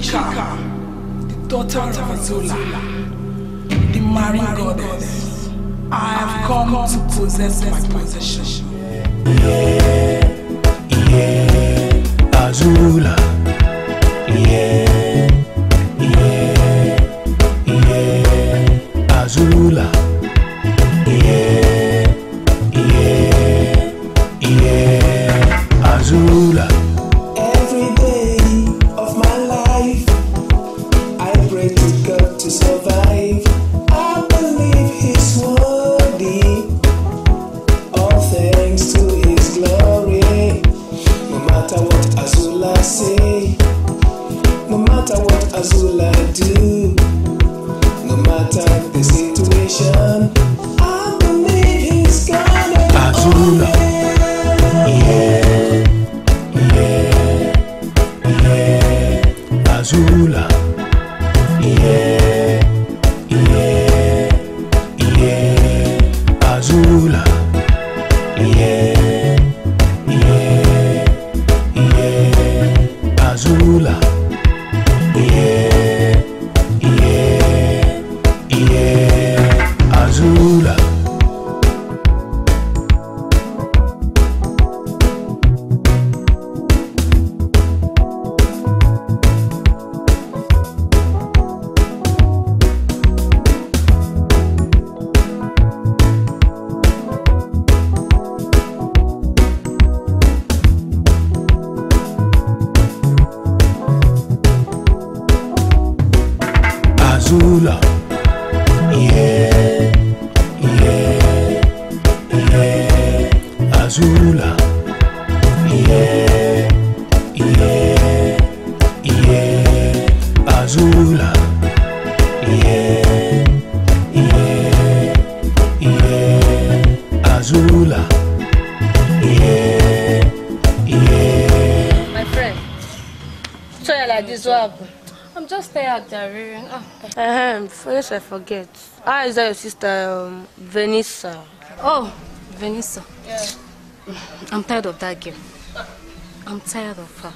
Chika, the daughter of Azula, the marine goddess, I have come to possess my possession. Yeah, yeah, Azula, yeah. yeah. I forget. How ah, is that your sister, um, Vanessa? Oh, Vanessa. Yeah. I'm tired of that girl. I'm tired of her.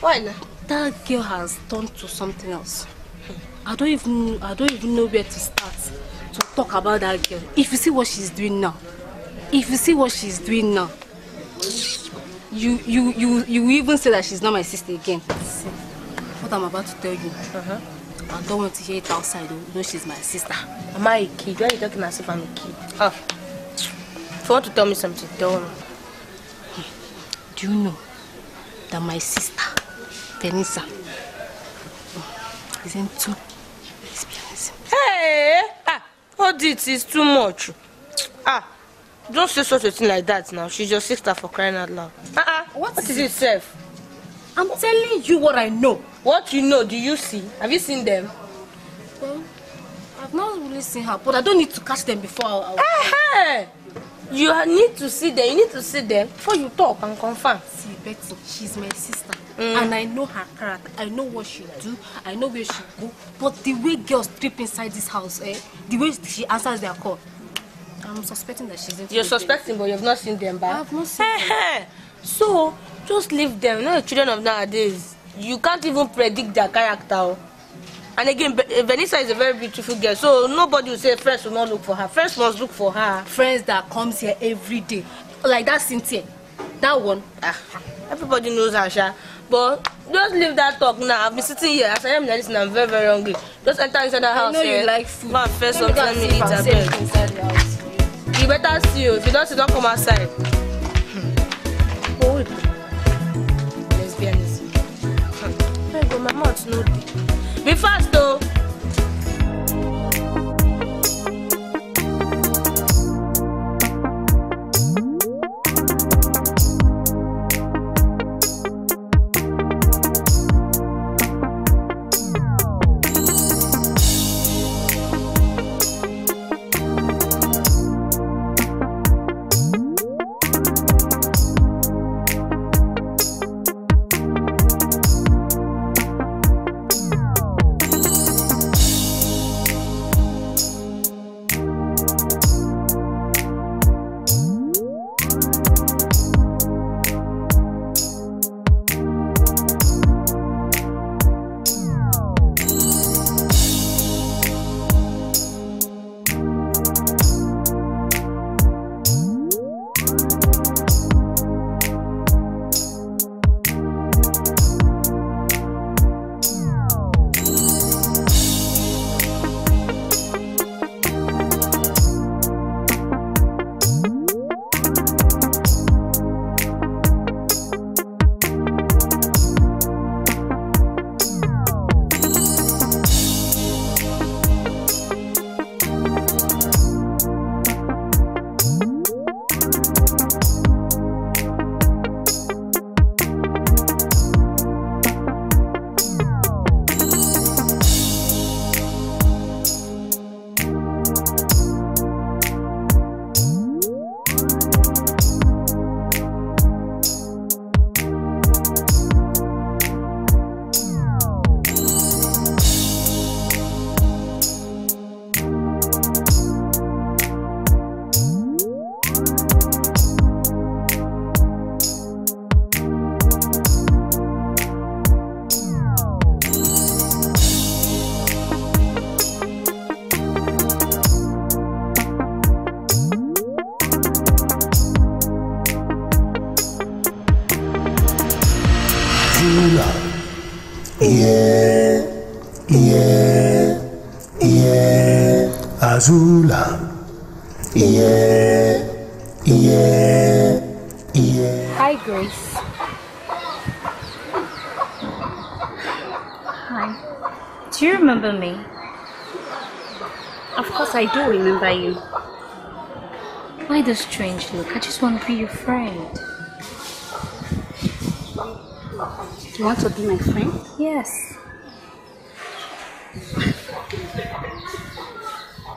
Why That girl has turned to something else. Hmm. I don't even I don't even know where to start to talk about that girl. If you see what she's doing now, if you see what she's doing now, you you you you even say that she's not my sister again. See what I'm about to tell you. Uh -huh. I don't want to hear it outside. You know she's my sister. Am I a kid? Why are you talking as if I'm a kid? Oh. If you want to tell me something, tell me. Do you know that my sister, Denisa, is into lesbianism? Hey! Ah, all this is too much. Ah, don't say such a thing like that now. She's your sister for crying out loud. Uh-uh. What, what is, it, Seth? I'm telling you what I know. What you know, do you see? Have you seen them? Well, I've not really seen her, but I don't need to catch them before I... I eh, you need to see them, you need to see them before you talk and confirm. See, Betty, she's my sister, mm. and I know her character, I know what she do, I know where she go, but the way girls trip inside this house, eh, the way she answers their call, I'm suspecting that she's You're suspecting, but you've not seen them back? I've not seen eh, them. so, just leave them, you know the children of nowadays. you can't even predict their character. Oh. And again, Vanessa eh, is a very beautiful girl, so nobody will say friends will not look for her. Friends must look for her. Friends that comes here every day, like that Cynthia, that one. Ah, everybody knows Asha, But just leave that talk now. I've been sitting here as I am like this, and I'm very, very hungry. Just enter inside the house. I know you eh? like food. Man, first of all, me eat a You better see you. Oh. If you don't, you don't come outside. Oh, my mouth no dey be fast though. I do remember you. Why the strange look? I just want to be your friend. You want to be my friend? Yes.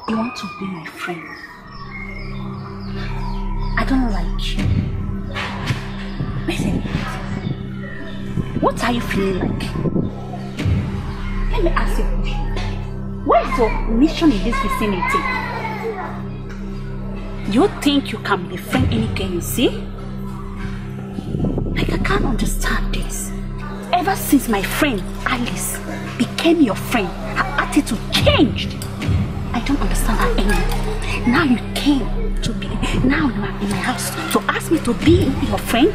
You want to be my friend? I don't like you. Listen, what are you feeling like? Let me ask you what is your mission in this vicinity? You think you can befriend any girl you see? Like I can't understand this. Ever since my friend Alice became your friend, her attitude changed. I don't understand her anymore. Now you came to be, now you are in my house to ask me to be your friend?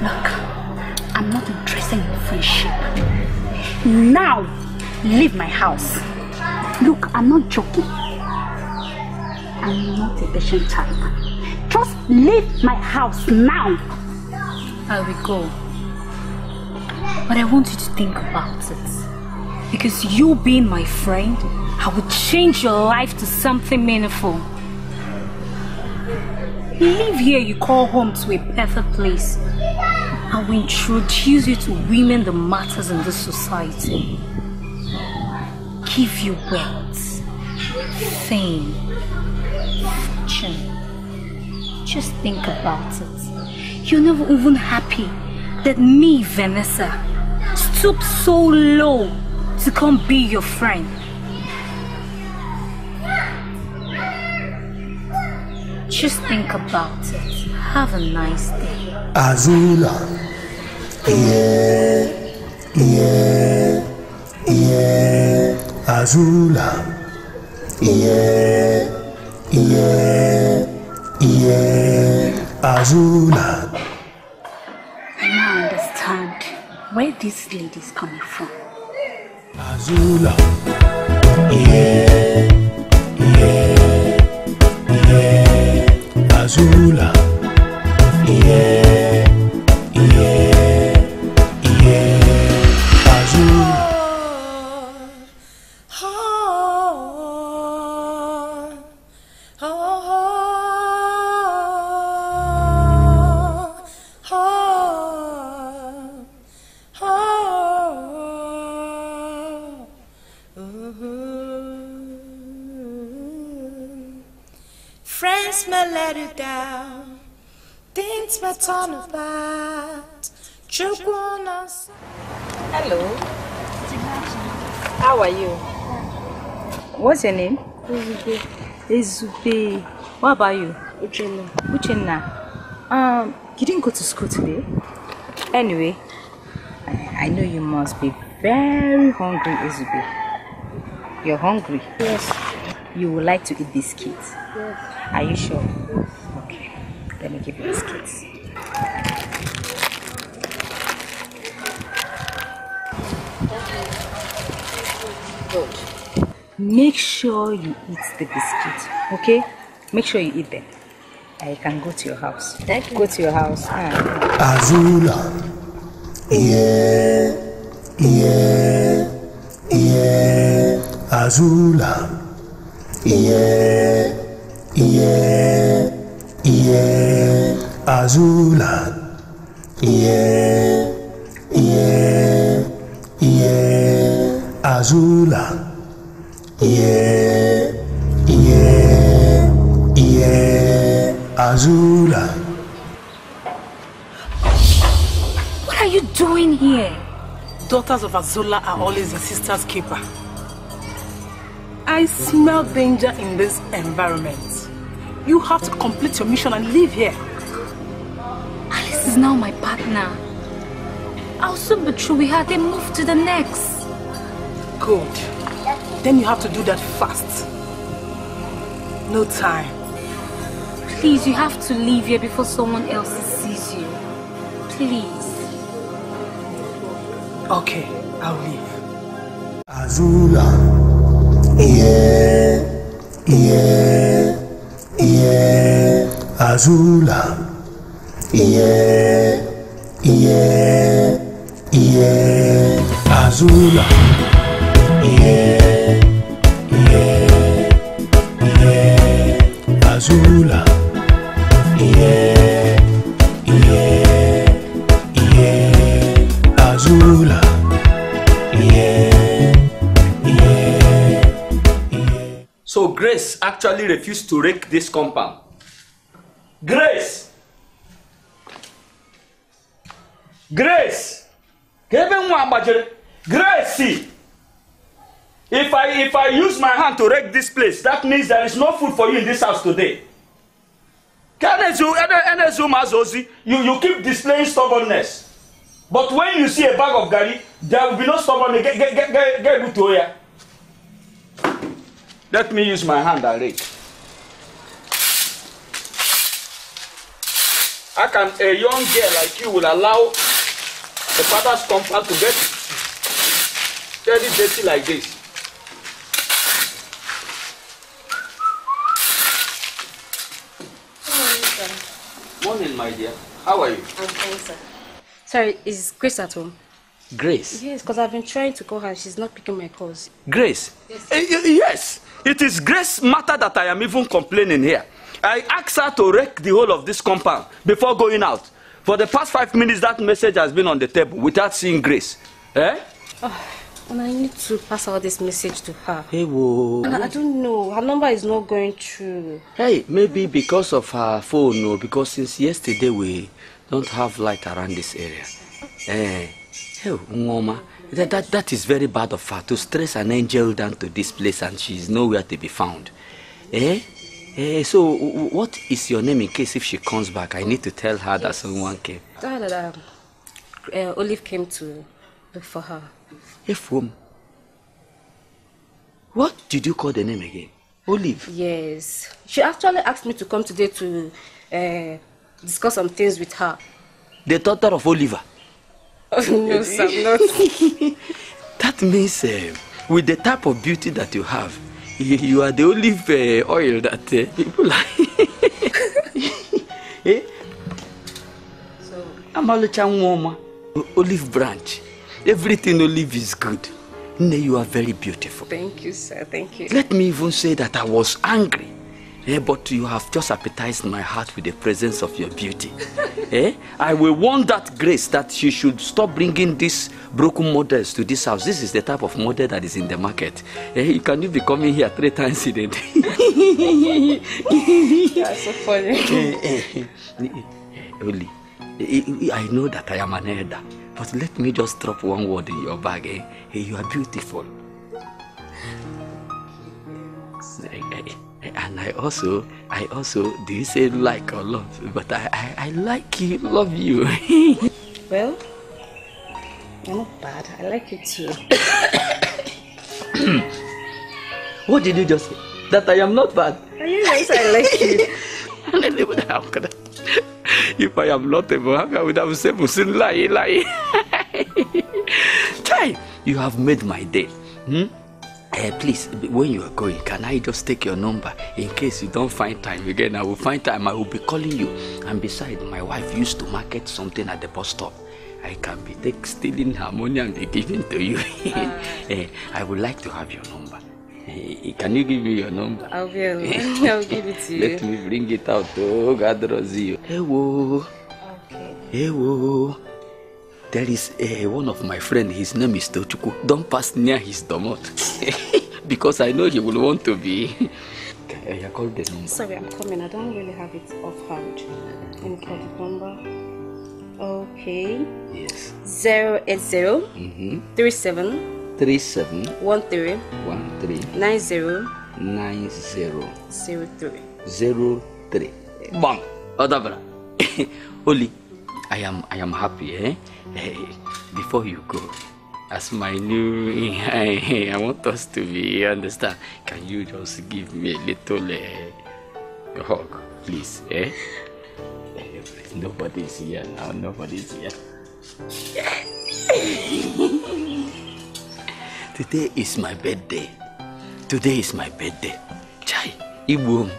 Look, I'm not interested in friendship. Now leave my house. Look, I'm not joking. I'm not a patient type. Just leave my house now. I will go. But I want you to think about it. Because you being my friend, I will change your life to something meaningful. Leave here you call home to a better place. I will introduce you to women that matters in this society give you wealth, fame, fortune. Just think about it. You're never even happy that me, Vanessa, stooped so low to come be your friend. Just think about it. Have a nice day. Azula. Yeah. Yeah. Yeah azula yeah yeah yeah azula i now understand where this lady is coming from azula yeah yeah yeah azula it's my turn of Hello. How are you? What's your name? Ezube. Ezube. What about you? Uchenna. Uchenna. Um, you didn't go to school today? Anyway, I, I know you must be very hungry, Ezube. You're hungry? Yes. You would like to eat biscuits? Yes. Are you sure? Let me give you biscuits. Good. Make sure you eat the biscuit, okay? Make sure you eat them. I can go to your house. Thank you. Go to your house. Ah. Azula. Yeah. Yeah. Yeah. Azula. Yeah. Yeah. yeah, Azula, yeah, yeah, yeah, Azula, yeah, yeah, yeah, Azula. What are you doing here? Daughters of Azula are always the sister's keeper. I smell danger in this environment. You have to complete your mission and leave here. Alice is now my partner. I'll soon betray her, then move to the next. Good. Then you have to do that fast. No time. Please, you have to leave here before someone else sees you. Please. Okay, I'll leave. Azula. Yeah. Yeah. yeah. azula yeah. yeah. yeah. azula yeah. Grace actually refused to rake this compound. Grace. Grace. Ka ebe nwa gbajiri. Grace. If I if I use my hand to rake this place, that means there is no food for you in this house today. Ka na-ezi you you keep displaying stubbornness. But when you see a bag of garri, there will be no stubbornness. Ga-egbutuo ya. Let me use my hand and rake. How can a young girl like you will allow the father's comfort to get dirty, dirty like this? Morning, my dear. How are you? I'm fine, sir. Sorry, is Grace at home? Grace? Yes, because I've been trying to call her. She's not picking my calls. Grace? Yes. Uh, yes. It is grace matter that I am even complaining here. I asked her to wreck the whole of this compound before going out. For the past five minutes, that message has been on the table without seeing grace. Eh? Oh, and I need to pass all this message to her. Hey, whoa. I, I don't know. Her number is not going through. Hey, maybe because of her phone, no, because since yesterday we don't have light around this area. Eh, hey, Ngoma, That, that, that is very bad of her to stress an angel down to this place and she is nowhere to be found. Eh? Eh, so, what is your name in case if she comes back? I need to tell her yes. that someone came. that, um, uh, Olive came to look for her. If whom? What did you call the name again? Olive? Yes. She actually asked me to come today to uh, discuss some things with her. The daughter of Oliver? no, sir, not. that means uh, with the type of beauty that you have, you, you are the olive uh, oil that uh, people like. eh? So, Amalucha Nwoma. Olive branch. Everything olive is good. Ne, you are very beautiful. Thank you, sir. Thank you. Let me even say that I was angry Eh, but you have just appetized my heart with the presence of your beauty. eh? I will want that grace that she should stop bringing these broken models to this house. This is the type of model that is in the market. Eh? You can you be coming here three times in a day? That's so funny. Oli, eh, eh, eh, I know that I am an elder, but let me just drop one word in your bag. Eh? You are beautiful. and I also, I also, do you say like or love? But I, I, I like you, love you. well, you're not bad. I like you too. what did you just say? That I am not bad. nice? I like you. how can I? If I am not able, how can I say Musin lie, lie? Chai, you have made my day. Hmm? Uh, please, when you are going, can I just take your number in case you don't find time again? I will find time. I will be calling you. And besides, my wife used to market something at the bus stop. I can be take, stealing her money and be giving to you. Uh, I would like to have your number. Eh, can you give me your number? I'll I'll give it to you. Let me bring it out. Oh, God, Rosie. Hello. Okay. Hello. There is a, one of my friend. His name is Tochuku. Don't pass near his domot because I know he will want to be. the number. Sorry, I'm coming. I don't really have it offhand. Can you call the number. Okay. Yes. Zero eight zero. Mm-hmm. Three seven. Three seven. One three. One three. Nine zero. Nine zero. Zero three. Zero three. Bang. Odabra. Only. I am I am happy, eh? hey, before you go, as my new, I, I want us to be, understand, can you just give me a little uh, hug, please, eh? Nobody's here now, nobody's here. Today is my birthday. Today is my birthday. Chai, Ibum,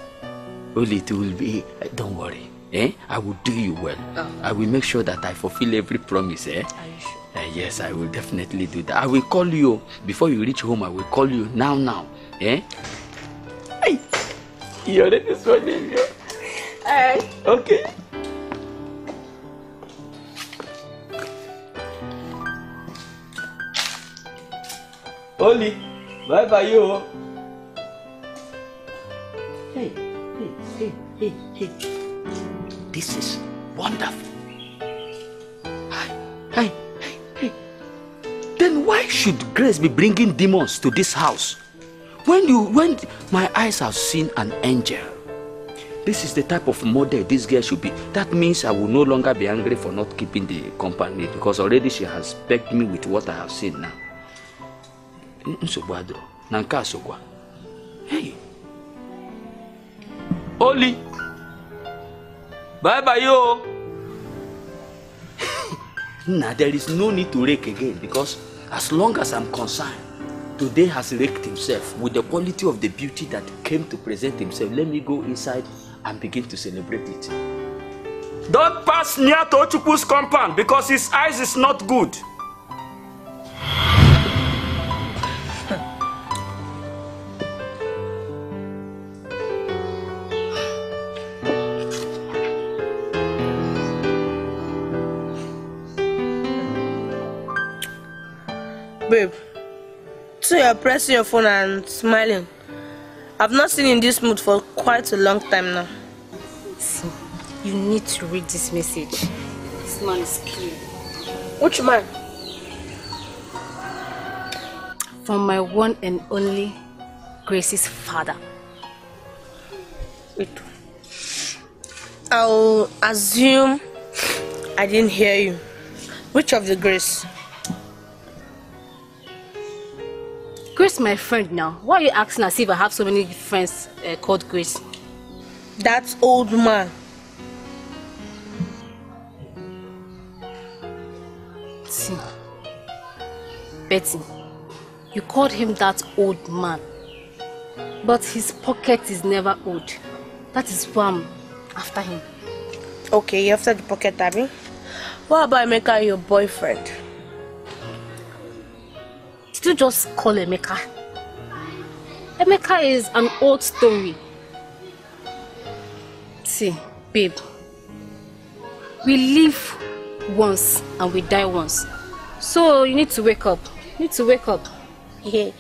it will be, don't worry. eh, I will do you well. Oh. I will make sure that I fulfill every promise. Eh? Are you sure? Uh, yes, I will definitely do that. I will call you before you reach home. I will call you now, now. Eh? Hey, you already swallowing you. Hey. Okay. Oli, bye bye you. Hey, hey, hey, hey, hey. This is wonderful. Hey, hey, hey. Then why should Grace be bringing demons to this house? When you when my eyes have seen an angel, this is the type of model this girl should be. That means I will no longer be angry for not keeping the company because already she has begged me with what I have seen now. Nsogbu adịrọ Hey! Oli! bye bye yo. now there is no need to rake again because as long as i'm concerned today has raked himself with the quality of the beauty that came to present himself let me go inside and begin to celebrate it. don't pass near tochukwu's compound because his eyes is not good. you are pressing your phone and smiling. I've not seen you in this mood for quite a long time now. See, you need to read this message. This man is killing. Which man? From my one and only Grace's father. Wait. I'll assume I didn't hear you. Which of the Grace? Grace my friend now. Why are you asking as if I have so many friends uh, called Grace? That old man. See, Betty, you called him that old man. But his pocket is never old. That is why I'm after him. Okay, you're after the pocket, Abby. What about Emeka, your boyfriend? Did just call Emeka? Emeka is an old story. See, babe, we live once and we die once. So you need to wake up. You need to wake up. Yeah.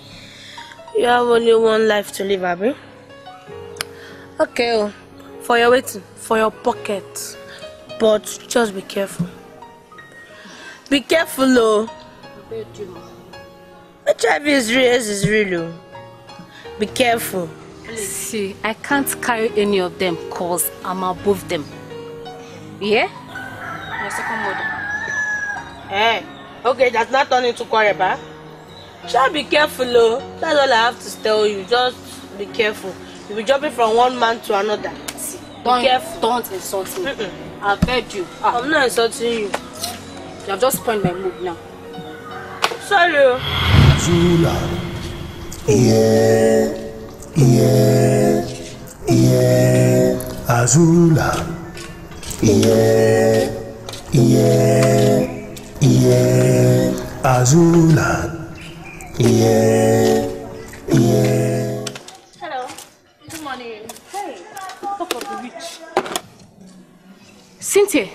You have only one life to live, Abi. Okay, oh. for your waiting, for your pocket. But just be careful. Be careful, oh. HIV is real, AIDS is real. Oh. Be careful. See, I can't carry any of them because I'm above them. Yeah? My second mother. Hey, eh, okay, that's not turning to quarrel, Koreba. Just be careful, though. That's all I have to tell you. Just be careful. You'll be jumping from one man to another. See, be don't, careful. Don't insult me. Mm -mm. I beg you. Ah. I'm not insulting you. You have just spoiled my mood now. Sorry. Oh. Azula, Yeah, yeah, yeah, Azula. Yeah, yeah, yeah, Azula. Yeah, yeah. Hello. Good morning. Hey, top of the Rich. Cynthia,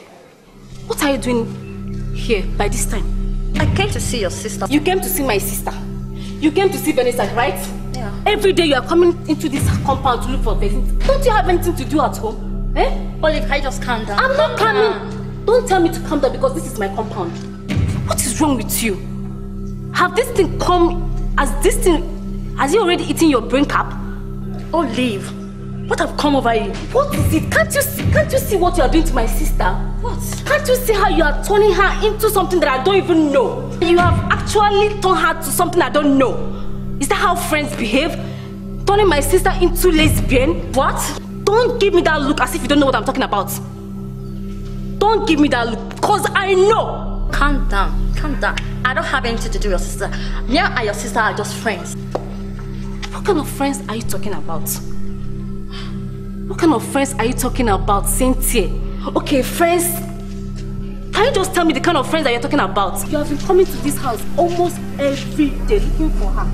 what are you doing here by this time? I came to see your sister. You came to see my sister. You came to see Vanessa, right? Yeah. Every day you are coming into this compound to look for things. Don't you have anything to do at home? Eh? Olive, I just calm down. I'm not calm coming. Ah. Don't tell me to calm down because this is my compound. What is wrong with you? Have this thing come as this thing? Has he already eaten your brain cap? Olive. What have come over you? What is it? Can't you see, can't you see what you are doing to my sister? What? Can't you see how you are turning her into something that I don't even know? You have actually turned her to something I don't know. Is that how friends behave? Turning my sister into lesbian? What? Don't give me that look as if you don't know what I'm talking about. Don't give me that look, because I know. Calm down, calm down. I don't have anything to do with your sister. Me and your sister are just friends. What kind of friends are you talking about? What kind of friends are you talking about, Cynthia? Okay, friends. Can you just tell me the kind of friends that you're talking about? You have been coming to this house almost every day looking for her.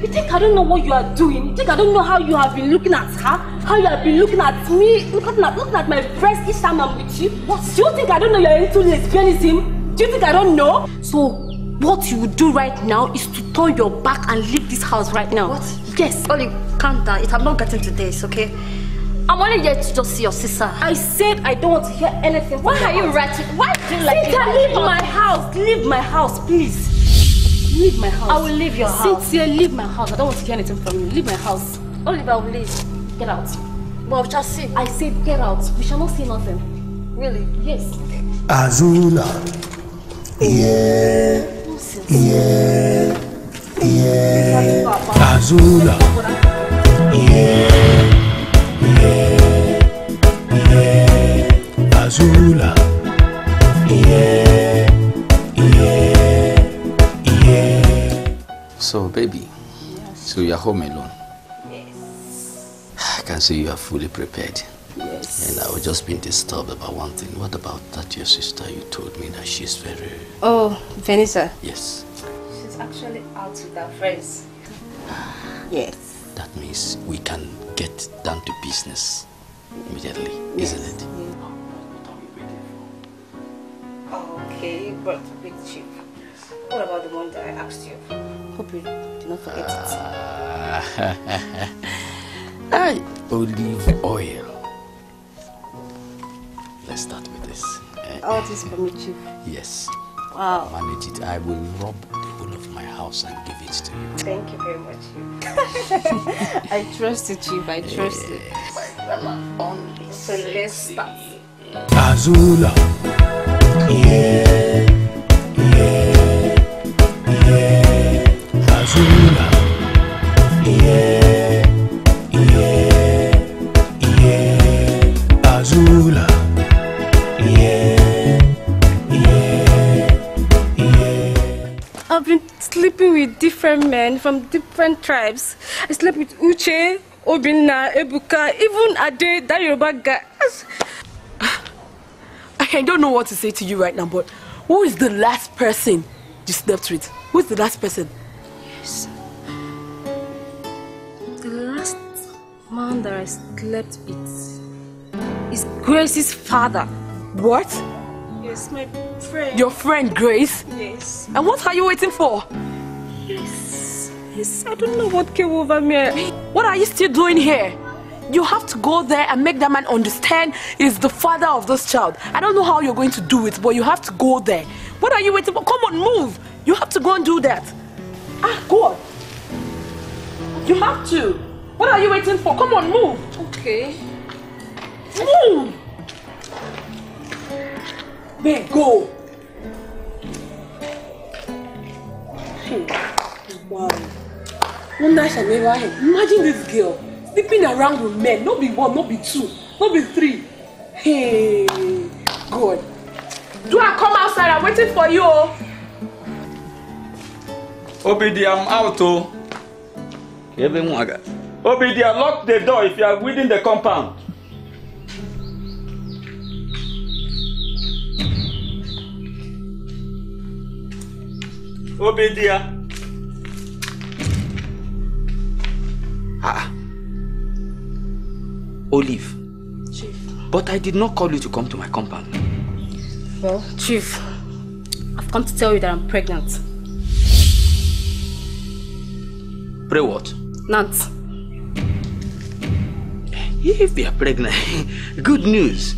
You think I don't know what you are doing? You think I don't know how you have been looking at her? How you have been looking at me? Looking at, looking at my breast each time I'm with you? What? Do you think I don't know you're into lesbianism? Do you think I don't know? So, what you would do right now is to turn your back and leave this house right now. What? Yes. Only calm down. It, I'm not getting to this, okay? I'm only here to just see your sister. I said I don't want to hear anything. Why are you ratting? Why do you like Cynthia, leave my house. Leave my house, please. Leave my house. I will leave your house. Cynthia, leave my house. I don't want to hear anything from you. Leave my house. Oliver, I will leave. Get out. Well, just see. I said get out. We shall not see nothing. Really? Yes. Azula. Yeah. Yeah. Yeah. Azula. Yeah. Azula. Yeah, yeah, yeah. So, baby, yes. so you're home alone? Yes. I can see you are fully prepared. Yes. And I was just being disturbed about one thing. What about that your sister? You told me that she's very... Oh, Vanessa? Yes. She's actually out with her friends. yes. That means we can get down to business immediately, yes. isn't it? Yes. okay, you brought a big chip. What about the one that I asked you? Hope you do not forget it. olive ah. oil. Let's start with this. Eh? All this for me, Chief. Yes. Wow. Manage it. I will rob the whole of my house and give it to you. Thank you very much, chief. I trust you, Chief. I trust you. Yes. My grandma only. So let's start. Azula. Yeah. different men from different tribes. I slept with Uche, Obinna, Ebuka, even Ade, that Yoruba guy. I don't know what to say to you right now, but who is the last person you slept with? Who's the last person? Yes. The last man that I slept with is Grace's father. What? Yes, my friend. Your friend Grace? Yes. And what are you waiting for? Yes, yes. I don't know what came over me. What are you still doing here? You have to go there and make that man understand he's the father of this child. I don't know how you're going to do it, but you have to go there. What are you waiting for? Come on, move. You have to go and do that. Ah, go on. You have to. What are you waiting for? Come on, move. Okay. Move. There, go. Wow. One I shall never end. Imagine this girl sleeping around with men. Not be one, not be two, not be three. Hey, God. Do I come outside? I'm waiting for you. Obidi, I'm out. Oh. Obidi, lock the door if you are within the compound. Obedia. Ah. Olive. Chief. But I did not call you to come to my compound. Well, Chief, I've come to tell you that I'm pregnant. Pray what? Nant. If you are pregnant, good news.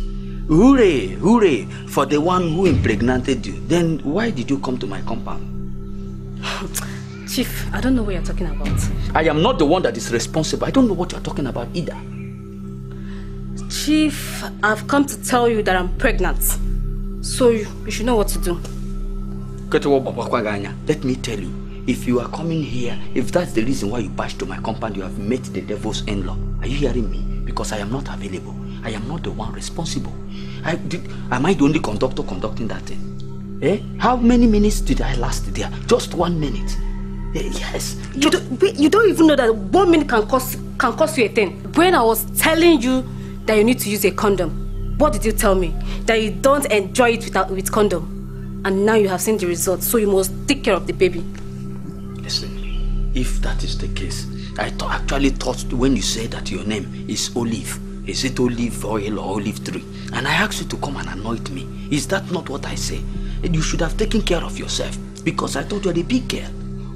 Hooray, hooray for the one who impregnated you. Then why did you come to my compound? Chief, I don't know what you're talking about. I am not the one that is responsible. I don't know what you're talking about either. Chief, I've come to tell you that I'm pregnant. So you, you should know what to do. Let me tell you, if you are coming here, if that's the reason why you bash to my compound, you have met the devil's in-law. Are you hearing me? Because I am not available. I am not the one responsible. I did, am I the only conductor conducting that thing? Eh? How many minutes did I last there? Just one minute. Eh, yes. You, don't, you don't even know that one minute can cost, can cost you a thing. When I was telling you that you need to use a condom, what did you tell me? That you don't enjoy it without, with condom. And now you have seen the result, so you must take care of the baby. Listen, if that is the case, I th actually thought when you said that your name is Olive, is it olive oil or olive tree? And I asked you to come and anoint me. Is that not what I say? you should have taken care of yourself because I thought you were a big girl.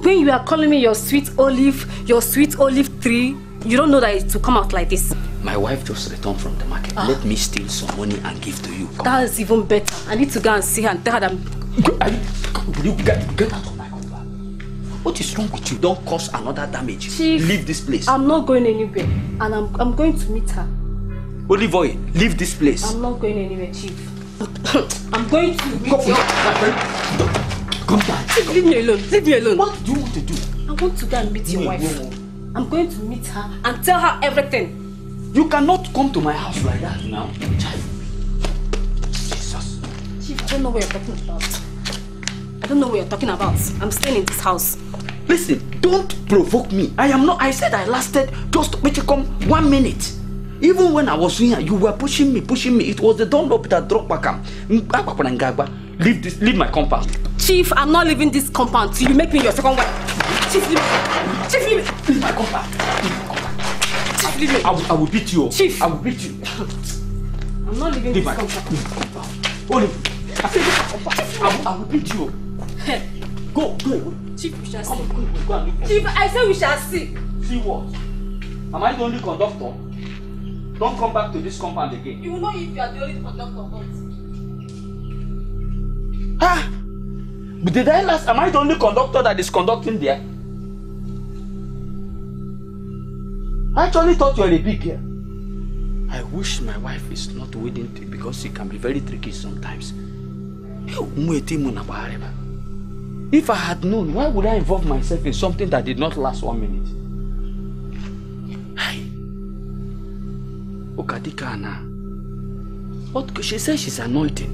When you are calling me your sweet olive, your sweet olive tree, you don't know that it will come out like this. My wife just returned from the market. Ah. Let me steal some money and give to you. Come. That is even better. I need to go and see her and tell her that I'm... Will you get, get out of my cover? What is wrong with you? Don't cause another damage. Chief, leave this place. I'm not going anywhere. And I'm, I'm going to meet her. Olive oil, leave this place. I'm not going anywhere, Chief. I'm going to meet Go, your Come down. Leave me alone. Leave me alone. What do you want to do? I want to go and meet your wife. I'm going to meet her and tell her everything. You cannot come to my house like that now. Jesus. Chief, I don't know what you're talking about. I don't know what you're talking about. I'm staying in this house. Listen, don't provoke me. I am not. I said I lasted just, come one minute. Even when I was here, you were pushing me, pushing me. It was the dumb that dropped Bakam. Leave this, leave my compound. Chief, I'm not leaving this compound till you make me your second wife. Chief, leave me. Chief, leave me. Leave my compound. Chief, leave me. I will, I will beat you. Chief. I will beat you. I'm not leaving leave this my, compound. Leave my compound. Only. I said, Chief, I will, I will beat you. go, go Chief, we shall see. Go, go, go, go Chief, I said we shall see. See what? Am I the only conductor? Don't come back to this compound again. You will know if you are the only conductor or But did I last? Am I the only conductor that is conducting there? I actually thought you were a big girl. I wish my wife is not waiting to because she can be very tricky sometimes. If I had known, why would I involve myself in something that did not last one minute? Hi. Okadikana. What she says she's anointing.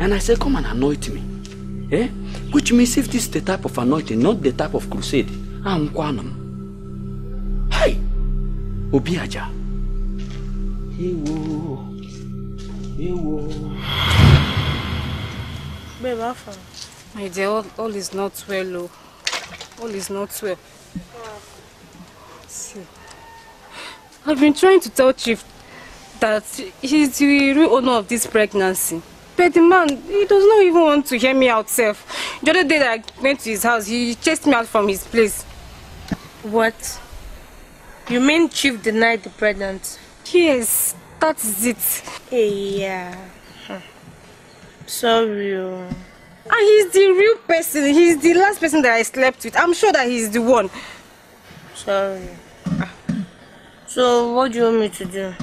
And I said, come and anoint me. Eh? Which means if this is the type of anointing, not the type of crusade, I'm Kwanam. Hey! Obiaja. Ewo. Ewo. Babe, Alpha. My dear, all, all is not well, oh. All is not well. Ah. See. I've been trying to tell Chief that he's the real owner of this pregnancy. But the man, he does not even want to hear me out self. The other day that I went to his house, he chased me out from his place. What? You mean Chief denied the pregnancy? Yes, that is it. Eh, yeah. Sorry. Oh. And he's the real person. He's the last person that I slept with. I'm sure that he's the one. Sorry. Ah. So what do you want me to do?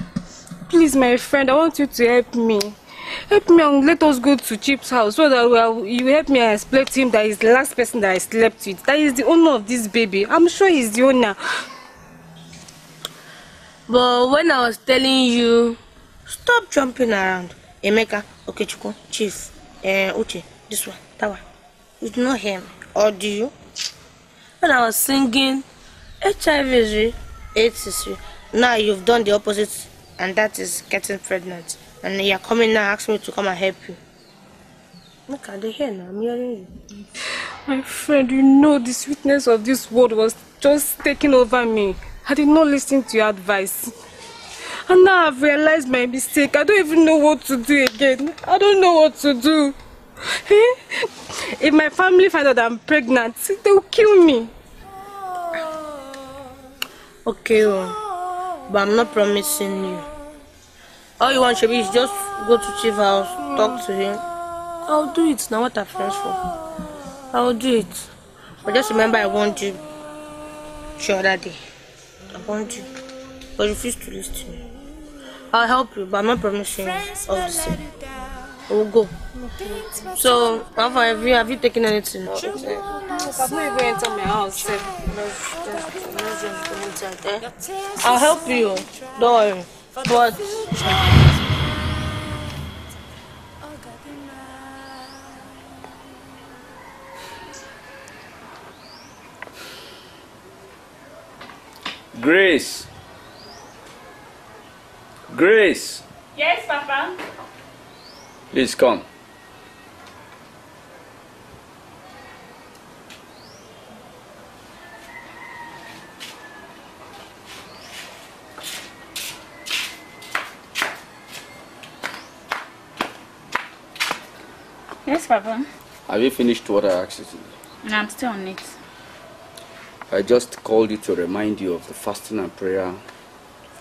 Please, my friend, I want you to help me. Help me and let us go to Chip's house so that well, you help me and explain to him that he's the last person that I slept with. That is the owner of this baby. I'm sure he's the owner. But when I was telling you... Stop jumping around. Emeka, Okechukwu, Chief, uh, Uche, this one, that one. It's not him. Or do you? When I was singing, HIV is real, AIDS is real. Now you've done the opposite and that is getting pregnant. And you're coming now, ask me to come and help you. Look at the hair now, I'm hearing you. My friend, you know the sweetness of this world was just taking over me. I did not listen to your advice. And now I've realized my mistake. I don't even know what to do again. I don't know what to do. Eh? if my family find out I'm pregnant, they'll kill me. Oh. Okay. Well. Oh but I'm not promising you. All you want, Shebi, is just go to Chief House, talk to him. I'll do it. Now what are friends for? I'll do it. But just remember, I want you Sure other day. I want you. But refuse to listen to me. I'll help you, but I'm not promising you all the same. We'll go. So, have you, have you taken anything? I've not even entered my house. Eh? I'll help you. Don't worry. But... Grace. Grace. Yes, Papa is gone. Yes, Papa. Have you finished what I asked you No, I'm still on it. I just called you to remind you of the fasting and prayer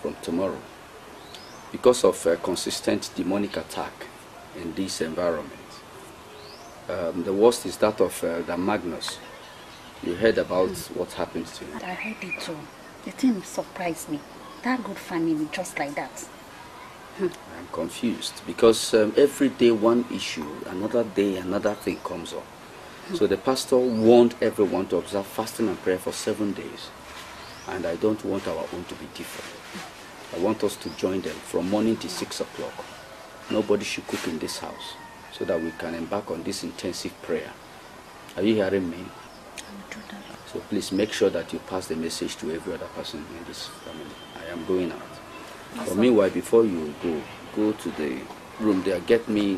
from tomorrow because of a consistent demonic attack in this environment. Um, the worst is that of uh, the Magnus. You heard about mm. what happened to him. I heard it too. The thing surprised me. That good family, just like that. Hmm. I'm confused because um, every day one issue, another day another thing comes up. Hmm. So the pastor warned everyone to observe fasting and prayer for seven days. And I don't want our own to be different. I want us to join them from morning till six o'clock. Nobody should cook in this house so that we can embark on this intensive prayer. Are you hearing me? So please make sure that you pass the message to every other person in this family. I am going out. Yes, but meanwhile, before you go, go to the room there, get me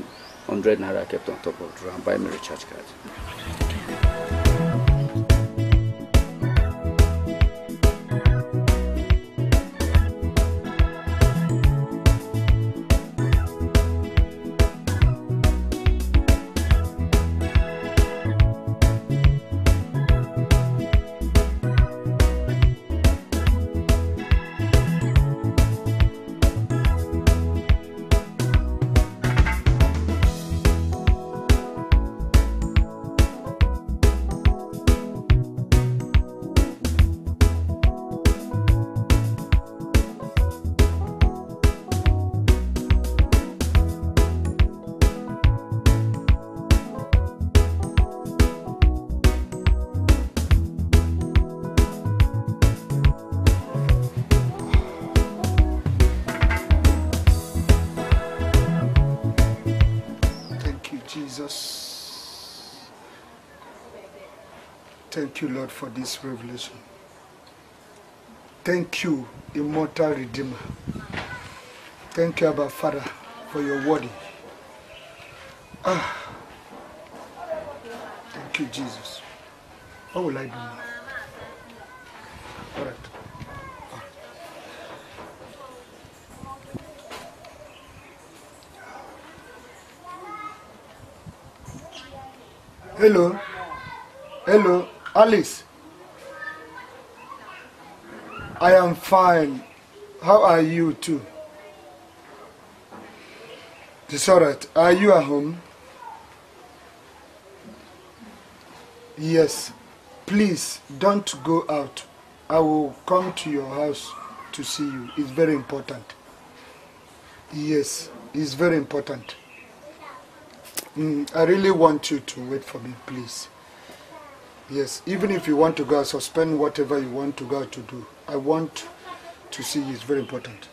100 naira kept on top of the drum, buy me a recharge card. Thank you, Lord, for this revelation. Thank you, immortal Redeemer. Thank you, Abba Father, for your word. Ah. Thank you, Jesus. What will I do now? All right. Ah. Hello. Hello. Alice, I am fine. How are you too? It's alright. Are you at home? Yes. Please don't go out. I will come to your house to see you. It's very important. Yes, it's very important. Mm, I really want you to wait for me, please. Yes, even if you want to go, suspend whatever you want to go to do. I want to see you. It's very important.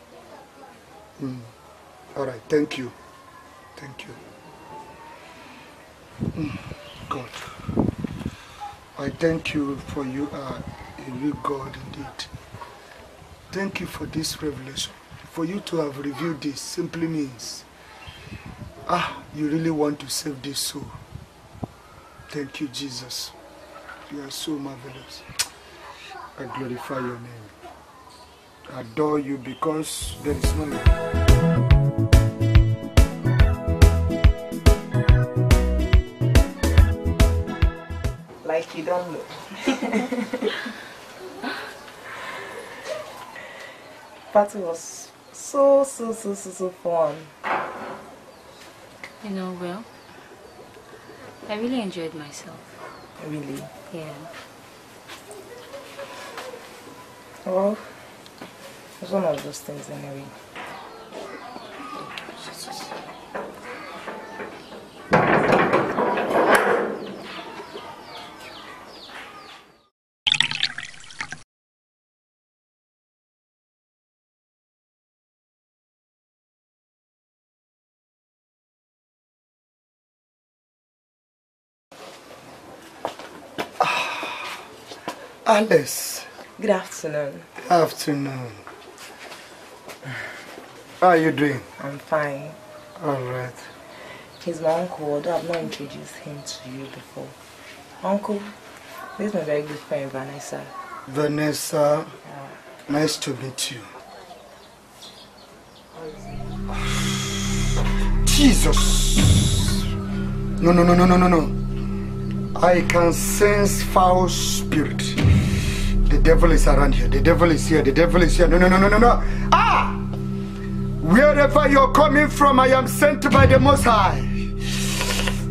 Mm. All right, thank you. Thank you. Mm. God, I thank you for you are a real God indeed. Thank you for this revelation. For you to have revealed this simply means, ah, you really want to save this soul. Thank you, Jesus. You are so marvelous. I glorify your name. I adore you because there is no like Like you don't look. it was so, so, so, so, so fun. You know, well, I really enjoyed myself. Really? Yeah. Well, it's one of those things anyway. Alice. Good afternoon. Good afternoon. How are you doing? I'm fine. All right. He's my uncle, although I've not introduced him to you before. Uncle, this is my very good friend, Vanessa. Vanessa, yeah. nice to meet you. Jesus! No, no, no, no, no, no, no. I can sense foul spirit. The devil is around you. The devil is here. The devil is here. No, no, no, no, no, no. Ah! Wherever you're coming from, I am sent by the Most High.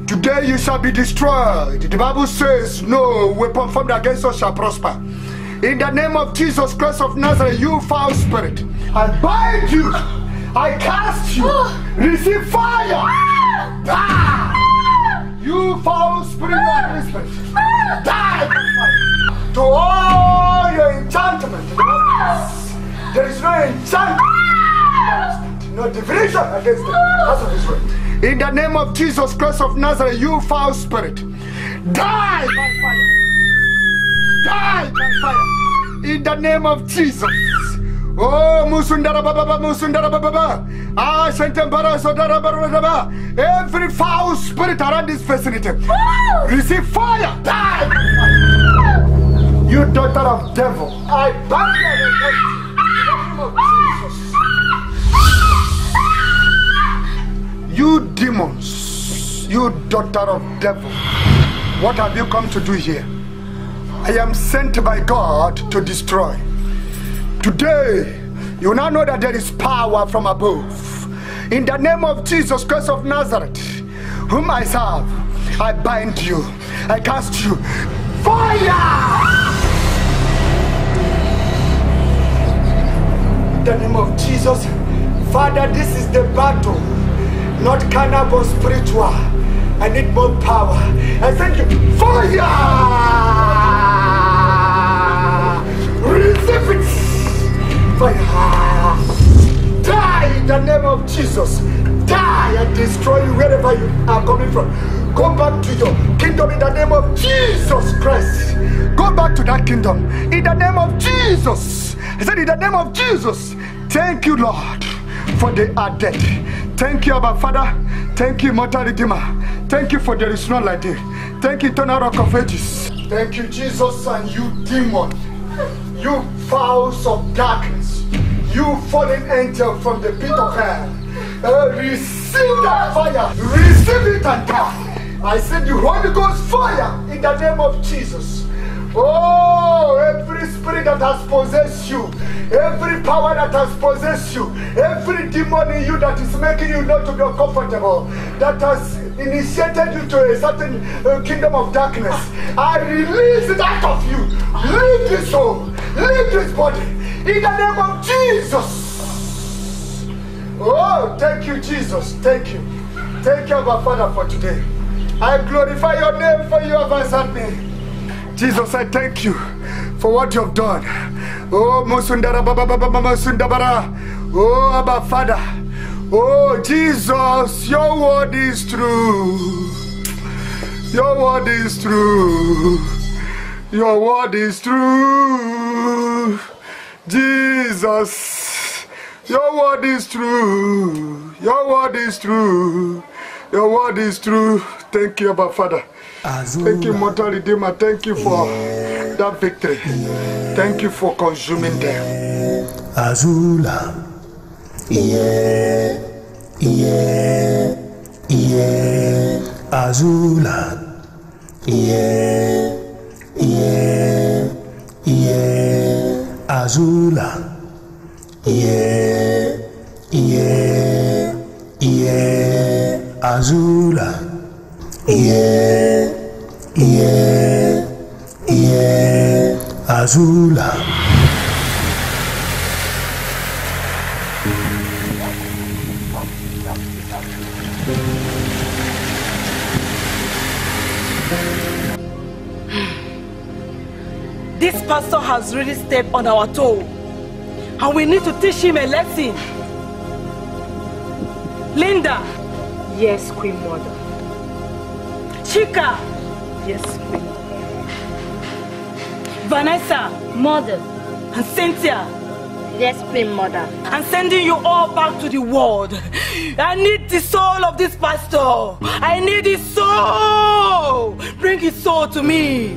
Today you shall be destroyed. The Bible says, No weapon formed against us shall prosper. In the name of Jesus Christ of Nazareth, you foul spirit, I bind you. I cast you. Receive fire. Ah! You foul spirit of Christmas. Die. To all your enchantment. There is no enchantment. No division against the house of Israel. In the name of Jesus Christ of Nazareth, you foul spirit, die by fire. Die by fire. In the name of Jesus. Oh, Musundara Baba, Musundara Baba, Ah, Shantambara, Sodara Baba, every foul spirit around this vicinity, receive fire, die! You daughter of devil. I bind you the name you. Jesus. You demons. You daughter of devil. What have you come to do here? I am sent by God to destroy. Today, you now know that there is power from above. In the name of Jesus Christ of Nazareth, whom I serve, I bind you. I cast you. Fire! the name of Jesus. Father, this is the battle, not carnal but spiritual. I need more power. I thank you. Fire! Receive it! Fire! Die in the name of Jesus. Die and destroy you wherever you are coming from. Go back to your kingdom in the name of Jesus Christ. Go back to that kingdom in the name of Jesus. He said, In the name of Jesus, thank you, Lord, for they are dead. Thank you, Abba Father. Thank you, Mortal Redeemer. Thank you for there is no light here. Thank you, Eternal Rock of Ages. Thank you, Jesus, and you, demon. You fowls of darkness. You fallen angel from the pit of hell. Uh, receive that fire. Receive it and die. I send you Holy Ghost fire in the name of Jesus. Oh, every spirit that has possessed you, every power that has possessed you, every demon in you that is making you not to be comfortable, that has initiated you to a certain uh, kingdom of darkness, I release that of you. Leave this soul, leave this body, in the name of Jesus. Oh, thank you, Jesus. Thank you. Thank you, our Father, for today. I glorify your name for you have answered me. Jesus, I thank you for what you have done. Oh, Musundara Baba Baba Musundabara. Oh, Abba Father. Oh, Jesus, your word is true. Your word is true. Your word is true. Jesus, your word is true. Your word is true. Your word is true. Thank you, Abba Father. Azura. Thank you, Mother Redeemer. Thank you for that victory. Thank you for consuming them. Azula. Yeah, yeah, yeah. Azula. Yeah, yeah, yeah. Azula. Yeah, yeah, yeah. Azula. Yeah, yeah, yeah, Azula. This pastor has really stepped on our toe and we need to teach him a lesson. Linda. Yes, Queen Mother. Chica! Yes, queen. Vanessa, mother. And Cynthia. Yes, queen mother. I'm sending you all back to the world. I need the soul of this pastor. I need his soul. Bring his soul to me.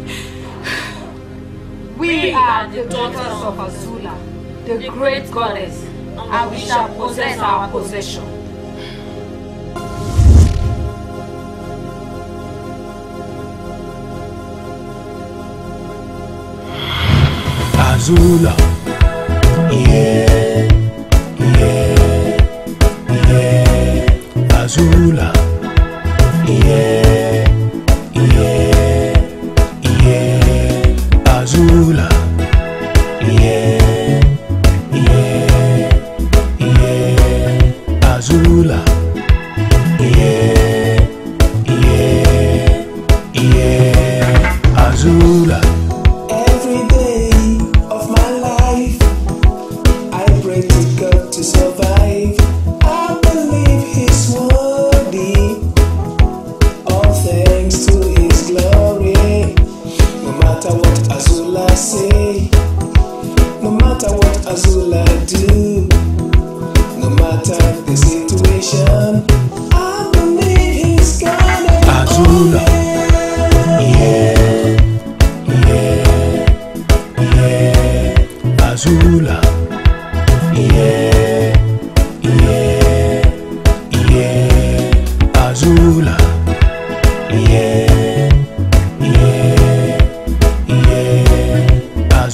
We, we are the daughters of Azula, the, the great goddess, and we shall possess our possession. Azula. Yeah.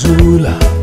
住了。